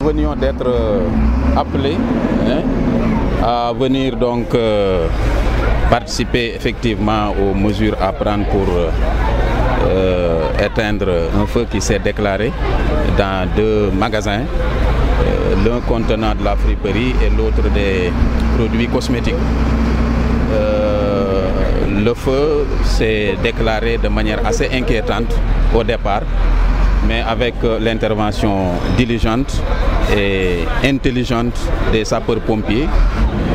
Nous venions d'être euh, appelés à venir donc euh, participer effectivement aux mesures à prendre pour euh, euh, éteindre un feu qui s'est déclaré dans deux magasins, euh, l'un contenant de la friperie et l'autre des produits cosmétiques. Euh, le feu s'est déclaré de manière assez inquiétante au départ, mais avec euh, l'intervention diligente et intelligente des sapeurs-pompiers,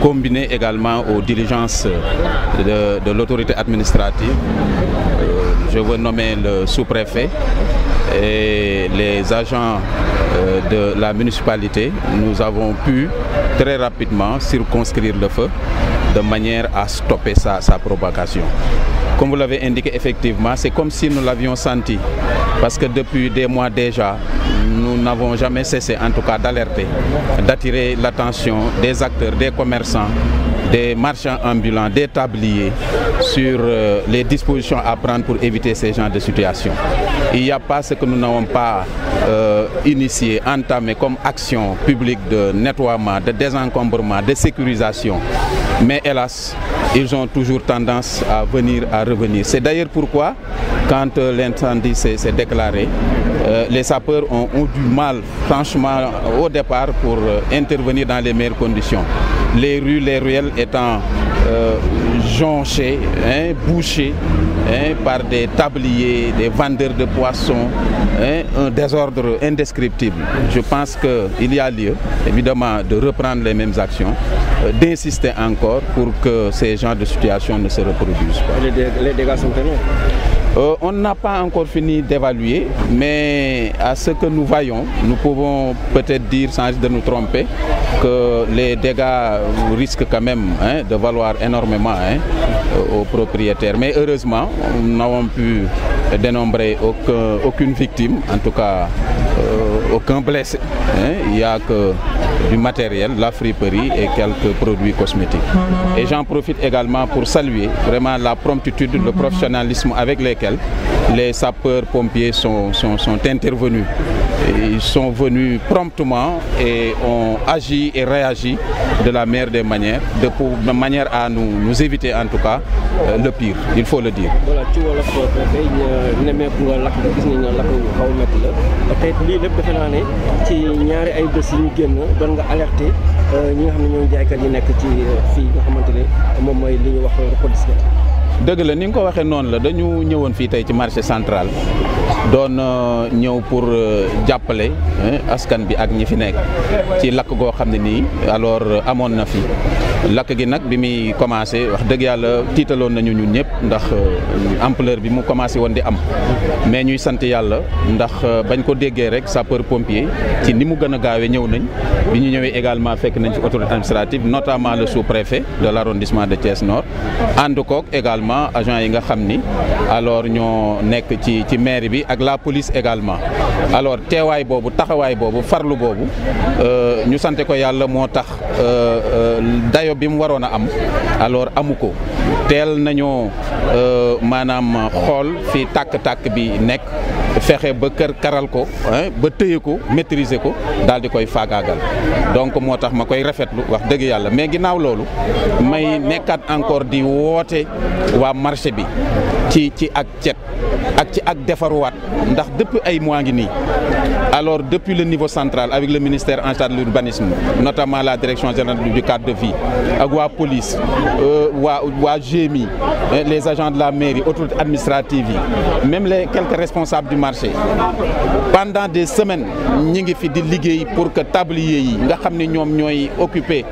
combinée également aux diligences de, de l'autorité administrative, euh, je veux nommer le sous-préfet et les agents euh, de la municipalité, nous avons pu très rapidement circonscrire le feu de manière à stopper sa, sa propagation. Comme vous l'avez indiqué effectivement, c'est comme si nous l'avions senti, parce que depuis des mois déjà, nous n'avons jamais cessé en tout cas d'alerter, d'attirer l'attention des acteurs, des commerçants, des marchands ambulants, des tabliers sur euh, les dispositions à prendre pour éviter ces genres de situation Il n'y a pas ce que nous n'avons pas euh, initié, entamé comme action publique de nettoiement, de désencombrement, de sécurisation. Mais hélas, ils ont toujours tendance à venir, à revenir. C'est d'ailleurs pourquoi quand euh, l'incendie s'est déclaré, euh, les sapeurs ont, ont, du mal, franchement, au départ, pour euh, intervenir dans les meilleures conditions. Les rues, les ruelles étant jonchées, hein, bouchées hein, par des tabliers, des vendeurs de poissons, hein, un désordre indescriptible. Je pense qu'il y a lieu, évidemment, de reprendre les mêmes actions, euh, d'insister encore pour que ces genres de situations ne se reproduisent pas. Les, dégâts sont tellement Euh, on n'a pas encore fini d'évaluer, mais à ce que nous voyons, nous pouvons peut-être dire, sans de nous tromper, que les dégâts risquent quand même hein, de valoir énormément hein, euh, aux propriétaires. Mais heureusement, nous n'avons pu dénombrer aucun, aucune victime, en tout cas. Euh, aucun blessé. Hein. Il n'y a que du matériel, la friperie et quelques produits cosmétiques. Et j'en profite également pour saluer vraiment la promptitude, le professionnalisme avec lesquels les sapeurs-pompiers sont, sont, sont, intervenus. Ils sont venus promptement et ont agi et réagi de la meilleure des manières, de, pour, de manière à nous, nous éviter en tout cas euh, le pire, il faut le dire. naa ci ñaari ay bés yi ñu génn doon nga alerté euh, ñi nga xam ne ñooy jaaykat yi nekk ci euh, fii nga xamante ne moom mooy li ñu wax reconditionné. dëgg la ni nga ko waxee noonu la dañu ñëwoon fii tey ci marché central doon euh, ñëw pour jàppale askan bi ak ñi fi nekk ci lakk goo xam ne nii alors amoon na fi. lakk gi nag bi muy commencé wax dëgg yàlla tiitaloon nañu ñun ñëpp ndax euh, ampleur bi mu commencé woon di am mais ñuy sant yàlla ndax euh, bañ ko déggee rek sapeur pompier ci ni mu gën a gaawee ñëw nañ bi ñu ñëwee également fekk nañ fi autorité administrative notamment le sous-préfet de l'arrondissement de Thiès Nord ànd kook également agent yi nga xam ni alors ñoo nekk ci ci mairie bi ak la police également alors teewaay boobu taxawaay boobu farlu boobu euh, ñu moo tax dayo bi mu waroon a am alors amu ko teel nañoo euh, maanaam xool fi tàkk-tàkk bi nekk fexe ba kër karal ko ba téye ko maîtriser ko daal di koy faagaagal donc moo tax ma koy rafetlu wax dëgg yàlla mais ginnaaw loolu may nekkaat encore di woote waa marché bi ci ci ak cet ak ci ak defaruwaat ndax dëpp ay mois ngi nii alors depuis le niveau central avec le ministère en charge de l'urbanisme notamment la direction générale du cadre de vie ak waa police euh, waa waa GMI les agents de la mairie autorités administratives yi même les quelques responsables marché pendant des semaines ñi ngi fi di liggéey pour que tablier yi nga xam ni ñoom ñooy occuper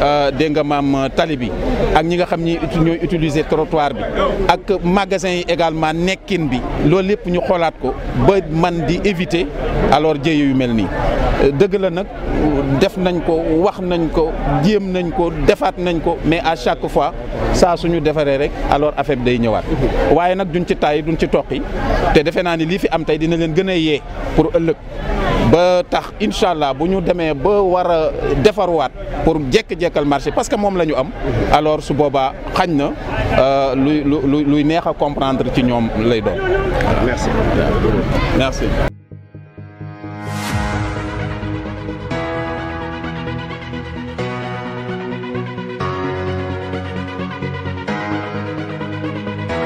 euh, dégg nga maam euh, tali bi ak ñi nga xam ni ñooy utiliser trottoir bi ak magasin yi également nekkin bi loolu lépp ñu xoolaat ko ba man di éviter alors jéye yu mel nii dëgg la nag def nañ ko wax nañ ko jéem nañ ko defaat nañ ko mais à chaque fois saa suñu defaree rek alors affaire bi day ñëwaat waaye nag duñ ci tàyyi duñ ci toq toqi te defe naa ni lii fi am tey dina leen gën a yee pour ëllëg ba tax incha allah bu ñu demee ba war a defarwaat pour jekk-jekkal marché parce que moom la ñu am alors su boobaa xañ na euh, luy luy neex a comprendre ci ñoom lay doon merci